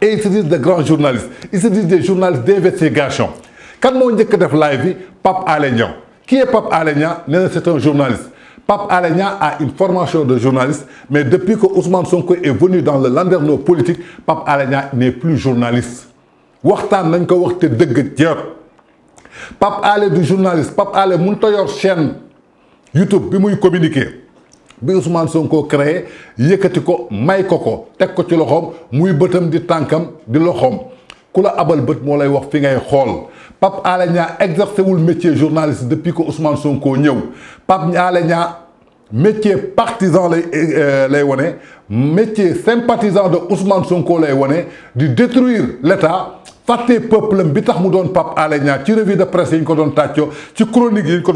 et ils se disent des grands journalistes ils se disent des journalistes d'investigation Quand on dit que live vie, Pape Alé qui est Pape Alenia C'est un journaliste. Pape Alenia a une formation de journaliste, mais depuis que Ousmane Sonko est venu dans le landerneau politique, Pape Alenia n'est plus journaliste. waxtaan nañ ko wax te êtes papa Pape est du journaliste Pape Ale mënut a chaîne YouTube bi muy communiquer Ousmane Sonko créé il ko may coco, ko teg ko ci loxoom muy bëtam di tànkam di l'homme. Kula ce abal bët veux lay wax fi ngay xol Pape Alé exercé wul métier journaliste depuis que Ousmane Sonko ñew Pape Alé métier partisan lay euh, lay métier sympathisant de Ousmane Sonko lay woné di détruire l'État faté peuple bi tax mu don Pape Alé ci revue de presse yi ko don tàccoo ci chronique yi ko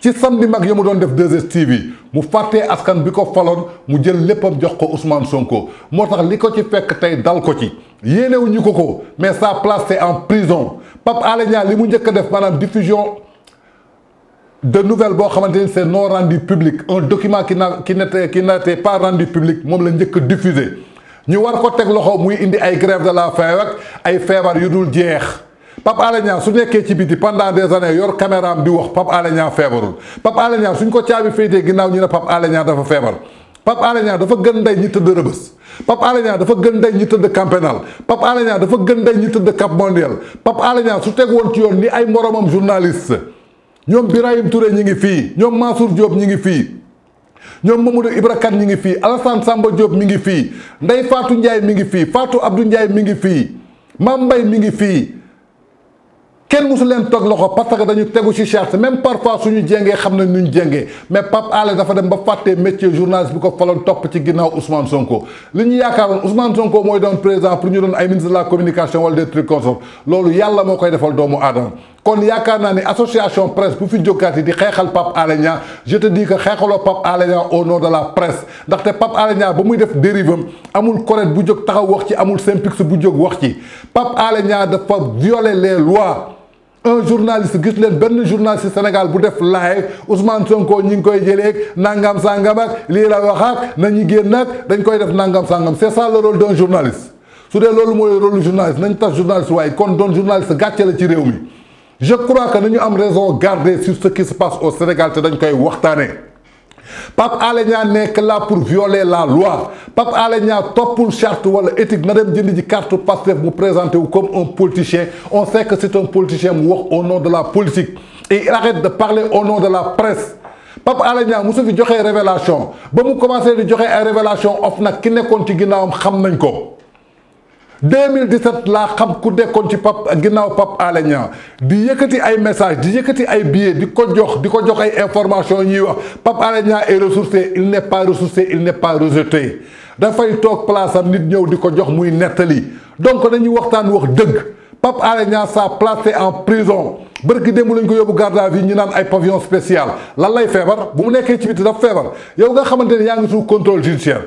ci samedi mag ya mu doon def 2 tv mu faté askan biko ko mu jël leppam jox ko Ousmane Sonko motax liko ci fekk tay dal ko ci yéenewuñu ko ko mais sa place c'est en prison pap Alé Niang li mu njëkk def manam diffusion de nouvelles bo xamanteni c'est non rendu public un document qui n'a qui n'était qui pas rendu public mom la ñëk diffuser ñu war ko tek loxo muy indi ay grève de la faim ak ay fièvre yu dul jeex. Pape Alé Niang su nekkee ci biti pendant des années yor caméra am di wax Pape Alé Niang feebarul Pape Alé Niang suñ ko caabi féetee ginnaaw ñu ne Pape Alé Niang dafa feebar Pape Alé Niang dafa gën ndey ñi tëdd rëbës Pape Alé Niang dafa gën ndey ñi tëdd Camp Pénal Pape Alé Niang dafa gën ndey ñi tëdd Cap Manuel Pape Alé Niang su teg woon ci yoon ni ay moromam journaliste ñoom Birahim Touré ñi ngi fii ñoom Mansour Diop ñi ngi fii ñoom Mamadou Ibra Kane ñi ngi fii Alassane Samba Diop mi ngi fii Ndeye Fatou Ndiaye mi ngi fii Fatou Abdou Ndiaye mi ngi fii Mame Mbaye mi ngi fii kenn musulman leen toog loxo parce que dañu tegu ci charte même parfois suñu djengé xamna nañ nuñ jéngee mais Pape Alé dafa dem ba faté métier journaliste bu ko falon top ci ginnaaw Ousmane Sonko liñu ñu Ousmane Sonko moy doon président pour ñu doon ay ministre de la communication wala des trucs comme ça loolu yàlla moo koy defal doomu adam kon yaakaar naa ni association presse bu fi jokati. di xéxal Pape Alé je te dis que xéxalo Pape Alé Niang au nom de la presse ndaxte Pape Alé Niang ba muy def dérive amul correct bu jog taxaw wax ci amul SYNPICS bu jog wax ci Pape Alé Niang dafa violer les lois un journaliste gis len ben journaliste Sénégal bu def live Ousmane Sonko ñi ngi koy jëleeg nangam sangam ak li la wax ak nañu génn nag dañ koy def nangam sangam C'est ça le rôle d'un journaliste su dee loolu mooy rôle journaliste nañ tax journaliste way kon doon journaliste gatché la ci réew mi je crois que nañu am raison garder sur ce qui se passe au Sénégal té dañ koy waxtané Pape Alé n'est que là pour violer la loi Pape Alé pour pour charte wala éthique na dem jënd carte passé. vous vous comme un politicien on sait que c'est un politicien au nom de la politique et il arrête de parler au nom de la presse Pape je vous avez fi une révélation ba vous commencez à une une révélation of ne ki pas. ci à xam nañ 2017 la xam ku nekkoon ci pap, ginnaaw pap Alé di yëkëti ay message di yëkëti ay billets di ko jox di ko jox ay information ñuy wax pap Alé est ressourcé il n'est pas ressourcé il n'est pas rejeté dafay toog place am nit ñëw di ko jox muy netali donc dañuy waxtaan wax deug pap Alé sa placé en prison bërki démb lañ ko yobu garde à vue ñu naan ay pavillon spécial lan lay feebar bu mu nekké ci biti da feebar yow nga xamanteni ne ngi sous contrôle judiciaire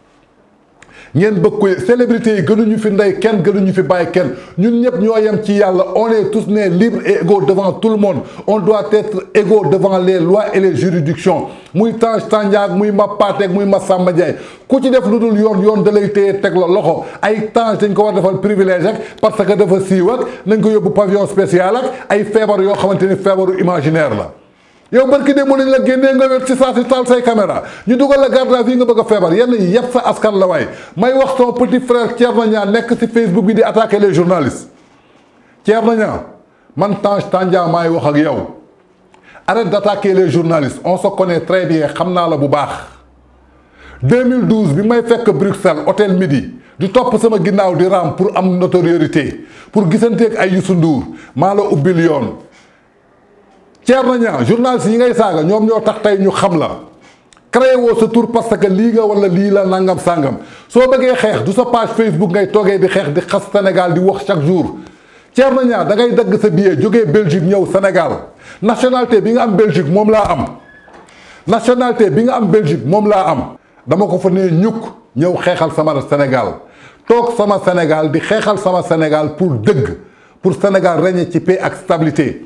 Les célébrités, célébrité yi gënuñu fi nous kenn gënuñu fi kenn ñun ñep ñoo ci on est tous libres et égaux devant tout le monde on doit être égaux devant les lois et les juridictions muy muy muy Massamba ku ci def yoon lay loxo ay dañ ko war defal privilège parce que dafa siw ak nañ ko spécial ak imaginaire yow barki démb lañ la génnee nga wér ci saa si taal say caméra ñu dugal la garde à nga bëgg feebar yenn yi yëpp sa askan la waay may wax son petit frère Thierno Niang nekk ci Facebook bi di attaquer les journalistes Thierno Niang man Tange Tandian maay wax ak yow arrête d'attaquer les journalistes on se connaît très bien xam naa la bu baax 2012 bi may fekk Bruxelles otel Midi di topp sama ginnaaw di raam pour am notoriété pour gisanteeg ay Youssou Ndour maa la ubbil yoon Thierno Niang journaliste yi ngay saaga ñoom ñoo tax tey ñu xam la créé woo sa tour parce que lii nga wala lii la nangam sangam soo bëggee xeex du sa page Facebook ngay toogee di xeex di xas Sénégal di wax chaque jour Thierno Niang da ngay dagg sa billet jógee Belgique ñëw Sénégal nationalité bi nga am Belgique moom laa am nationalité bi nga am Belgique moom laa am dama ko fa ne ñukk ñëw xeexal sama Sénégal toog sama Sénégal di xeexal sama Sénégal pour dëgg pour Sénégal régner ci paix ak stabilité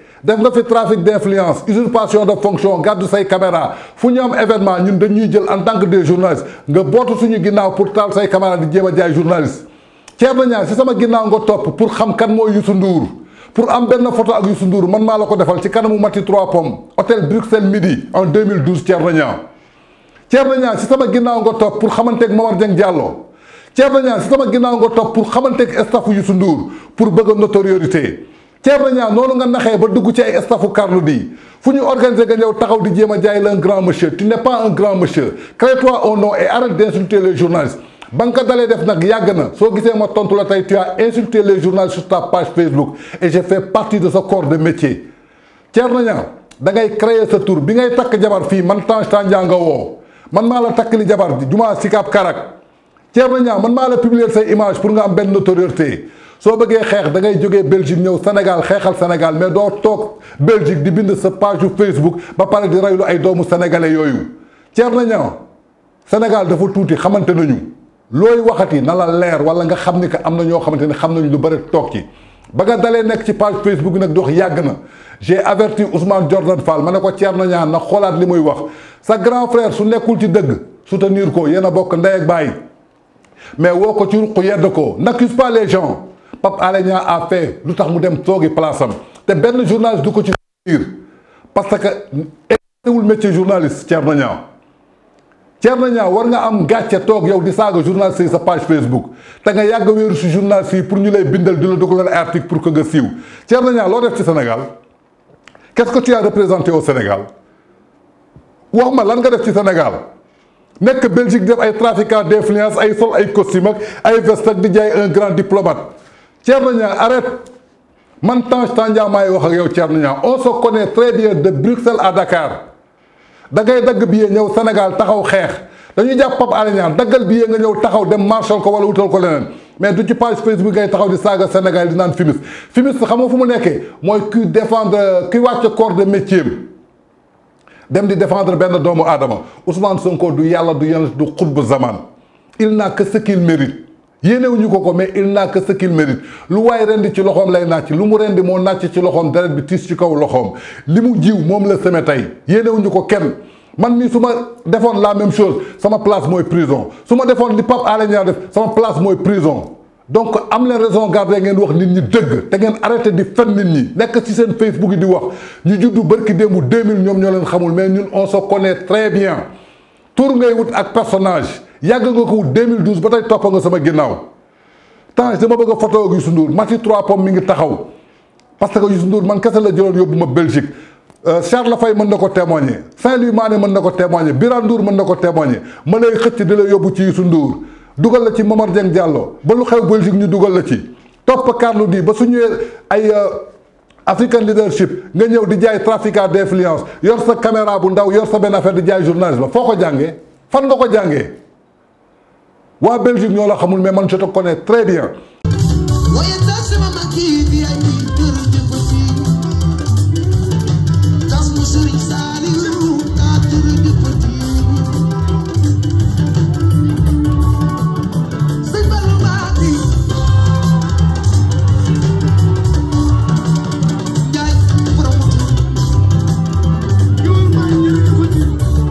def nga fi trafic d'influence usurpation de fonction gàddu say caméra fu ñu am événement ñun dañuy jël en tant que des journalistes nga botu suñu ginnaw pour taal say caméra di jema a jaay journaliste Thierno Niang si sama ginnaw nga top pour xam kan moy yusu Ndour pour am benn photo ak yusu Ndour man ma la ko defal ci kanamu Mati Trois Pommes hôtel Bruxelles Midi en 2012 Thierno Niang Thierno Niang si sama ginnaw nga top pour ak Momar jeng Diallo Thierno Niang si sama ginnaw nga top pour ak staff yusu Ndour pour bëgg notoriété Thierno Niang noonu nga naxee ba dugg ci ay staffu Carlou D fu ñu organiser nga ñëw taxaw di jéem a jaay la un grand monsieur tu n'es pas un grand monsieur crée-toi un nom et arrête d'insulter les journalistes ba ko dalee def nag yàgg na soo gisee ma tontu la tey tu as les journalistes sur ta page Facebook et j'ai fait partie de sa corps de métier Thierno Niang da ngay créer sa tour bi ngay takk jabar fii man Tange Tandian nga woo man maa la takk li jabar jumaa Sicap Karak Thierno Niang man maa la publier say image pour nga am benn notoriété soo bëggee xeex da ngay jógee Belgique ñëw Sénégal xeexal Sénégal mais doo toog Belgique di bind sa page Facebook ba pare di reylu ay doomu sénégalais yooyu Thierno Niang Sénégal dafa tuuti xamante nañu looy waxati na la leer wala nga xam ni que am na ñoo xamante ne xam nañu lu bëri toog ci ba nga dalee nekk ci page Facebook nag dox yàgg na j'ai averti Ousmane Jordan Fall ma ne ko Thierno Niang na xoolaat li muy wax sa grand frère su nekkul ci dëgg soutenir ko yéen a bokk ndey baay mais woo ko ci ruq ko n'accuse pas les Papa Alénia a fait nous dem place journaliste du ko parce que le métier journaliste war nga am yow di saga journaliste page Facebook nga un journaliste pour ñu lay bindal dina la article pour que nga siw def Sénégal qu'est-ce que tu as représenté au Sénégal wax ma lan nga def ci Sénégal nek Belgique def ay d'influence ay sol ay costume ay veste di un grand diplomate Thierno Niang arrête man Tange Tandian maay wax ak yow Thierno Niang on se connaît très bien de Bruxelles à Dakar da ngay dagg billet ñëw Sénégal taxaw xeex dañuy jàpp Pape Alé Niang daggal billet nga ñëw taxaw dem marchal ko wala wutal ko leneen mais du ci page Facebook ngay taxaw di saaga Sénégal di naan fumiste fumiste xam nga fu mu nekkee mooy kuy défendre ki wàcc corps de métier dem di défendre benn doomu aadama Ousmane Sonko du yàlla du yàlla du xutbu zaman il n'a que ce qu'il mérite. yéenewuñu ko ko mais il n'a que ce qu'il mérite lu way rendi ci loxom lay nàcc lu mu rendi mo nàcc ci loxom deret bi tiis ci kaw loxom limu jiw mom la seme tey yéenewuñu ko kenn man mi suma ma la même chose sama place moy prison suma ma li pap Alé Niang def sama place moy prison donc am leen raison garder ngeen wax nit ñi deug te ngeen arrêté di fen nit ñi nek ci sen Facebook di wax ñu juddu barki démbu 2000 ñom ñoo xamul mais ñun on se connaît très bien tour ngay wut ak personnage yàgg nga ko wut 2012 ba tey topp nga sama ginnaaw Tange dama bëgg a photo ak Youssou Ndour Maty Trois Pommes mi ngi taxaw parce que Youssou nduur man kese la jëloon yóbbu ma Belgique euh, Charles Faye mën na ko témoigner saint ma Mané mën na ko témoigner Birane Ndour mën na ko témoigner ma lay xëcc di la yóbbu ci Youssou Ndour dugal la ci Momar Dieng Diallo ba lu xew Belgique ñu dugal la ci topp Carlou di ba su ñëwee ay euh, African leadership nga ñëw di jaay trafiquant d'influence yor sa caméra bu ndaw yor sa benn affaire di jaay journalisme foo ko jàngee fan nga ko jàngee waa Belgique ñoo la xamul mais man je te connais très bien.